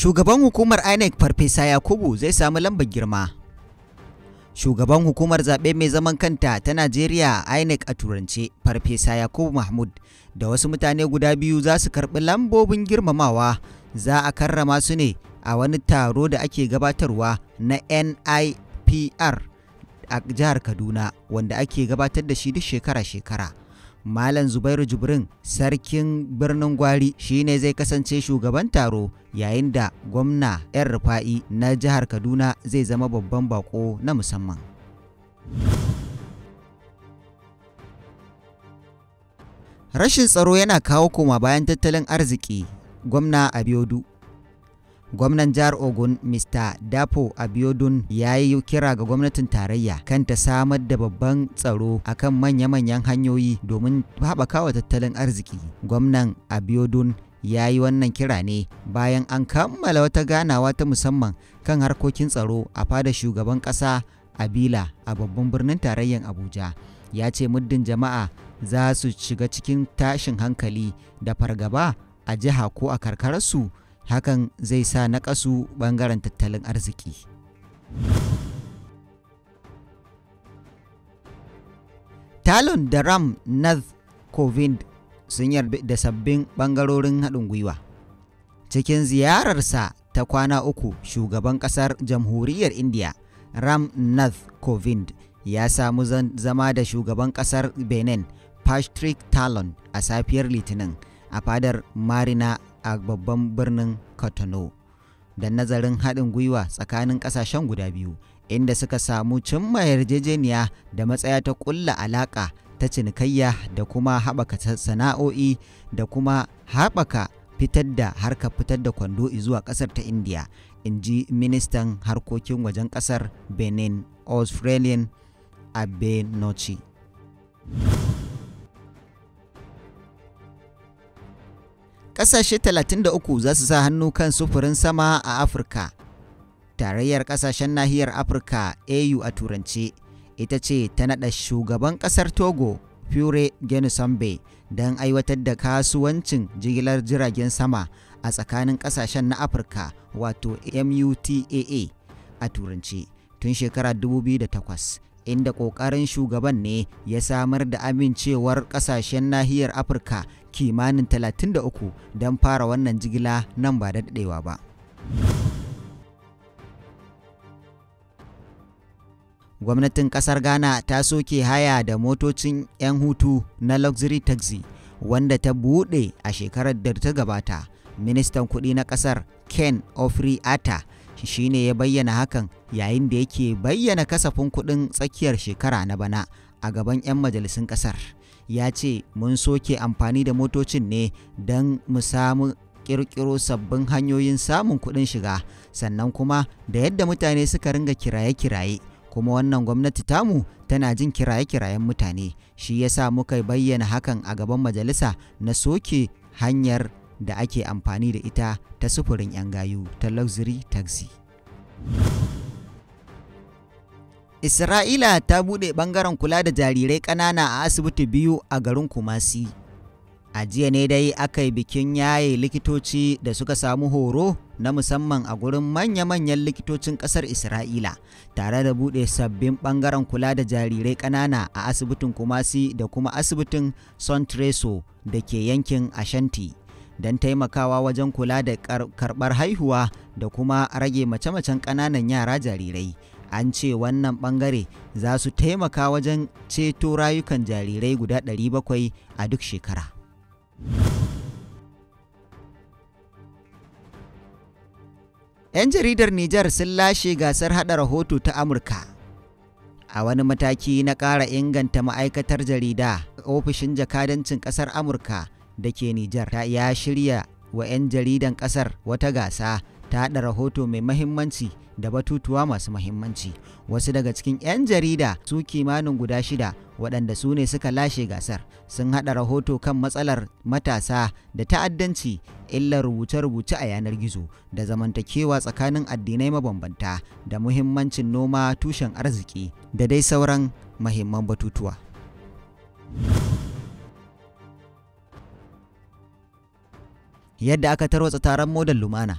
Shugaban hukumar INEC Farfesa Yakubu zai samu lambar girma. Shugaban hukumar zaɓe mai zaman kanta ta Najeriya INEC a turance Farfesa Yakubu Mahmud da wasu mutane guda biyu za su karɓi lambobin girmamawa za a karrama su ne a wani taro da ake gabatarwa na NIPR a jihar Kaduna wanda ake gabatar da shi duk shekara-shekara. Malam Zubairu Jibrin sarkin birnin Gwari shine zai kasance shugaban taro yayin da gwamna 'yan rufa'i na jihar Kaduna zai zama babban bako na musamman. Rashin tsaro yana kawo koma bayan tattalin arziki. Gwamna Abiodu gwamnan jihar ogun mr dapo abiodun ya yi kira ga gwamnatin tarayya kan ta samar da babban tsaro akan manya-manyan hanyoyi domin haɓakawa tattalin arziki gwamnan abiodun ya yi wannan kira ne bayan an kammala wata ganawa ta musamman kan harkokin tsaro a fada shugaban ƙasa abila a babban birnin tarayyar abuja ya ce muddin jama'a za su shiga cikin tashin hankali da fargaba a jiha ko a karkararsu hakan zai sa na naƙasu ɓangaren tattalin arziki talon da ram nath covid sun yarda da sabbin ɓangarorin haɗin gwiwa cikin ziyararsa ta kwana uku shugaban ƙasar jamhuriyar india ram nath kovind ya samu zama da shugaban ƙasar benin patrick talon a safiyar litinin a fadar marina a babban birnin Cotonou da nazarin haɗin gwiwa tsakanin ƙasashen guda biyu inda suka samu cimma yarjejeniya da matsaya ta ƙulla alaƙa ta cinikayya da kuma haɓaka sana'o'i da kuma haɓaka fitar da harka fitar da kwando zuwa ƙasar ta indiya in ji ministan harkokin wajen ƙasar benin australian abenoci Ƙasashe 33 za su sa hannu kan sufurin sama a Afirka. Tarayyar ƙasashen nahiyar Afirka AU a Turance ita ce ta naɗa shugaban ƙasar Togo Fure Genusambe don aiwatar da kasuwancin jigilar jiragen sama a tsakanin ƙasashen na Afirka wato MUTAA a Turance tun shekara 2008 inda ƙoƙarin shugaban ne ya samar da amincewar ƙasashen nahiyar afirka kimanin 33 don fara wannan jigila nan ba da daɗewa ba gwamnatin kasar ghana ta soke haya da motocin 'yan hutu na luxury taxi wanda ta buɗe a shekarar da ta gabata ministan kuɗi na ƙasar ken ofri ata shi ne ya bayyana hakan yayin da yake bayyana kasafin kuɗin tsakiyar shekara na bana a gaban 'yan majalisun ƙasar ya ce mun soke amfani da motocin ne don mu samu kirkiro sabbin hanyoyin samun kuɗin shiga sannan kuma da yadda mutane suka ringa kiraye-kiraye kuma wannan gwamnati tamu tana jin kiraye-kirayen mutane shi yasa muka bayyana hakan a gaban majalisa na soke hanyar da ake amfani da ita ta sufurin 'yan gayu ta luxury taxi. Isra'ila ta buɗe ɓangaren kula da jarirai ƙanana a asibiti biyu a garin Kumasi. A jiya ne dai aka yi bikin yaye likitoci da suka samu horo na musamman a gurin manya-manyan likitocin ƙasar Isra'ila tare da buɗe sabbin bangaren kula da jarirai ƙanana a asibitin Kumasi da kuma asibitin Son da ke yankin Ashanti. don taimakawa wajen kula da karɓar haihuwa da kuma rage mace-macen ƙananan yara jarirai an ce wannan ɓangare za su taimaka wajen ceto rayukan jarirai guda 700 a duk shekara ‘Yan jaridar Nijar sun lashe gasar haɗa rahoto ta Amurka. a wani mataki na ƙara inganta ma'aikatar jarida ofishin jakadancin ƙasar amurka da ke Nijar ya shirya wa 'yan jaridan ƙasar wata gasa ta haɗa rahoto mai mahimmanci da batutuwa masu mahimmanci wasu daga cikin 'yan jarida su kimanin guda shida waɗanda su ne suka lashe gasar sun haɗa rahoto kan matsalar matasa da ta'addanci illar rubuce-rubuce a yanar gizo da zamantakewa tsakanin addinai mabambanta da muhimmancin noma tushen arziki da dai sauran mahimman batutuwa. yadda aka tarwatsa taron modan lumana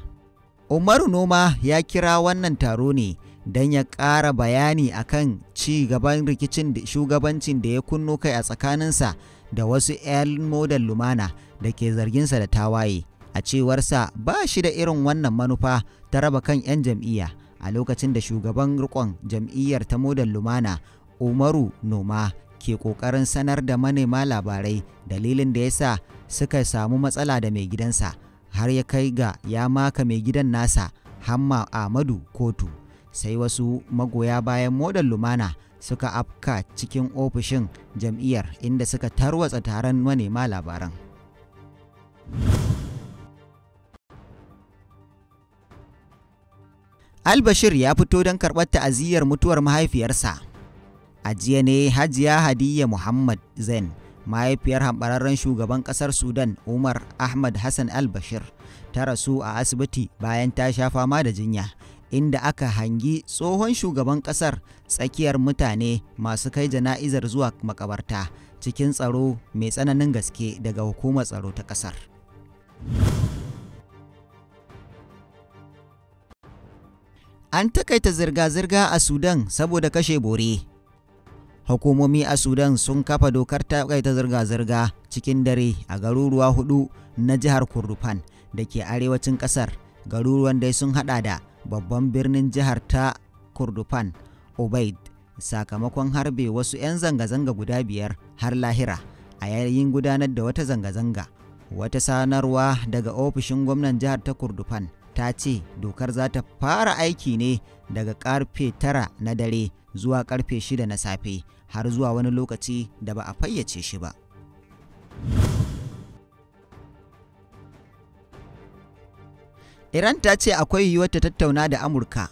umaru noma ya kira wannan taro ne don ya ƙara bayani akan ci gaban rikicin shugabancin da ya kunno kai a tsakaninsa da wasu 'yan modan lumana da ke zarginsa da tawaye a cewarsa ba shi da irin wannan manufa ta raba kan 'yan jam'iyya a lokacin da shugaban rikon jam'iyyar ta modan lumana umaru noma ke ƙoƙarin sanar da manema labarai dalilin da ya sa suka samu matsala da mai gidansa har ya kai ga ya maka mai gidan nasa hamma amadu kotu sai wasu magoya bayan modan lumana suka afka cikin ofishin jam'iyyar inda suka tarwatsa taron manema labaran. Albashir ya fito don karɓar ta'aziyyar mutuwar mahaifiyarsa. A jiya ne Hajiya Hadiyya Muhammad Zain mahaifiyar hambararren shugaban kasar sudan umar ahmad hassan al-bashir ta rasu a asibiti bayan ta sha fama da jinya inda aka hangi tsohon shugaban kasar tsakiyar mutane masu kai jana'izar zuwa makabarta cikin tsaro mai tsananin gaske daga hukumar tsaro ta kasar an takaita zirga-zirga a sudan saboda kashe bore Hukumomi a Sudan sun kafa dokar taƙaita zirga-zirga cikin dare a garuruwa hudu na jihar Kurdufan da ke arewacin ƙasar. Garuruwan dai sun hada da babban birnin jihar ta Kurdufan, Obaid, sakamakon harbe wasu 'yan zanga-zanga guda biyar har lahira a yayin gudanar da wata zanga-zanga. Wata sanarwa daga ofishin gwamnan jihar ta Kurdufan ta ce dokar za ta fara aiki ne daga karfe tara na dare zuwa karfe shida na safe har zuwa wani lokaci da ba a fayyace shi ba. Iran ta ce akwai yiwuwar ta tattauna da Amurka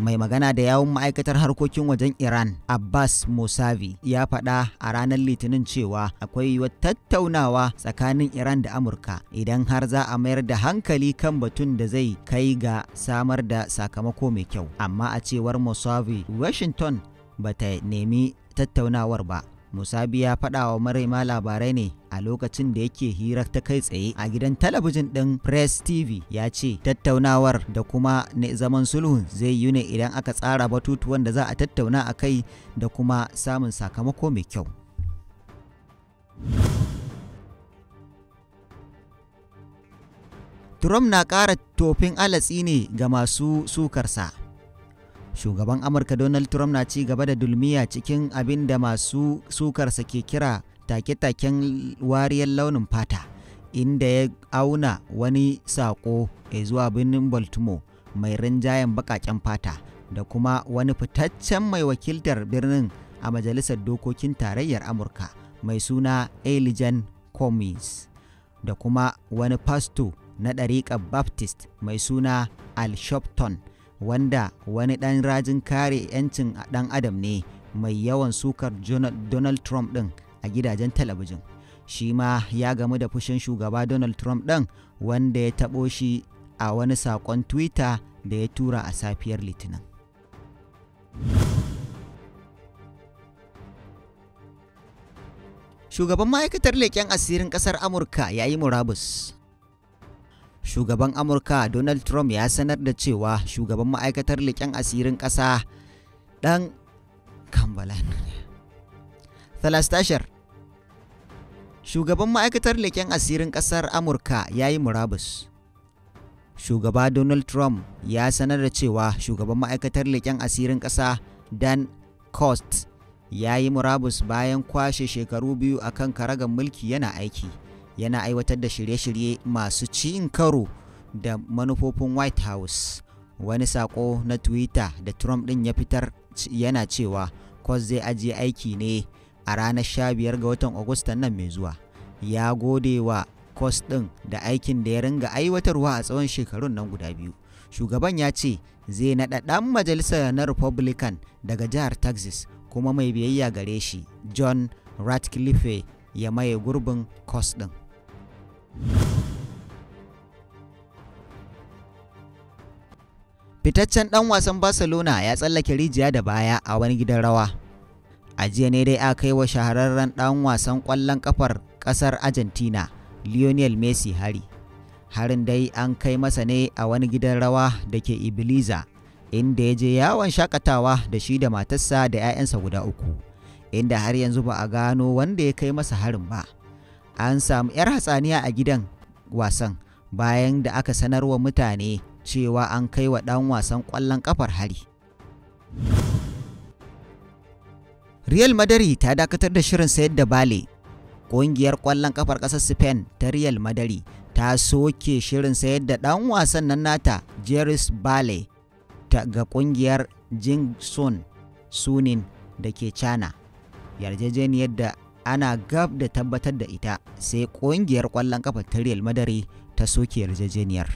mai magana da yawun ma'aikatar harkokin wajen iran abbas musavi ya faɗa a ranar litinin cewa akwai yiwuwar tattaunawa tsakanin iran da amurka idan har za a mayar da hankali kan batun da zai kai ga samar da sakamako mai kyau amma a cewar musavi washington ba ta nemi tattaunawar ba Musabi ya faɗa wa maraima labarai ne a lokacin da yake hirar ta kai tsaye a gidan talabijin ɗin Press TV ya ce tattaunawar da kuma ne zaman sulhun zai yi ne idan aka tsara batutuwan da za a tattauna a kai da kuma samun sakamako mai kyau. Trump na ƙara tofin alatsi ne ga masu sukarsa. shugaban amurka donald trump na ci gaba da dulmiya cikin abin da masu sukarsa ke kira take-taken wariyar launin fata inda ya auna wani sako ya zuwa birnin baltimore mai rinjayen bakaken fata da kuma wani fitaccen mai wakiltar birnin a majalisar dokokin tarayyar amurka mai suna elijan cummings da kuma wani pasto na ɗariƙar baptist mai suna al shopton wanda wani ɗan rajin kare 'yancin ɗan adam ne mai yawan sukar donald trump ɗin a gidajen talabijin shi ma ya gamu da fushin shugaba donald trump ɗin wanda ya taɓo shi a wani saƙon twitter da ya tura a safiyar litinin shugaban ma'aikatar leƙen asirin ƙasar amurka ya yi murabus shugaban amurka donald trump ya sanar da cewa shugaban ma'aikatar leƙen asirin ƙasa ɗan kambalan thalastashar shugaban ma'aikatar leƙen asirin ƙasar amurka ya yi murabus shugaba donald trump ya sanar da cewa shugaban ma'aikatar leƙen asirin ƙasa dan cost ya yi murabus bayan kwashe shekaru biyu akan karagar mulki yana aiki yana aiwatar da shirye-shirye masu cin karo da manufofin white house wani sako na twitter da trump ɗin ya fitar yana cewa kwas zai ajiye aiki ne a ranar 15 ga watan agustan nan mai zuwa ya gode wa cos ɗin da aikin da ya ringa aiwatarwa a tsawon shekarun nan guda biyu shugaban ya ce zai naɗa ɗan majalisa na republican daga jihar texas kuma mai biyayya gare shi john ratcliffe ya maye gurbin kwas ɗin Fitaccen ɗan wasan Barcelona ya tsallake rijiya da baya a wani gidan rawa. A jiya ne dai aka yi wa shahararren ɗan wasan ƙwallon ƙafar ƙasar Argentina, Lionel Messi hari. Harin dai an kai masa ne a wani gidan rawa da ke Ibiliza, inda ya je yawon shakatawa da shi da matarsa da 'ya'yansa guda uku, inda har yanzu ba a gano wanda ya kai masa harin ba. an samu 'yar hatsaniya a gidan wasan bayan da aka sanar wa mutane cewa an kai wa ɗan wasan ƙwallon ƙafar hari. Real Madari ta dakatar da shirin sayar da Bale. Ƙungiyar ƙwallon ƙafar ƙasar Spain ta Real Madari ta soke shirin sayar da ɗan wasan nan nata Jeris Bale ga ƙungiyar Jingson Sunin da ke China. Yarjejeniyar da ana gab da tabbatar da ita sai ƙungiyar ƙwallon ƙafa ta Real Madari ta soke yarjejeniyar.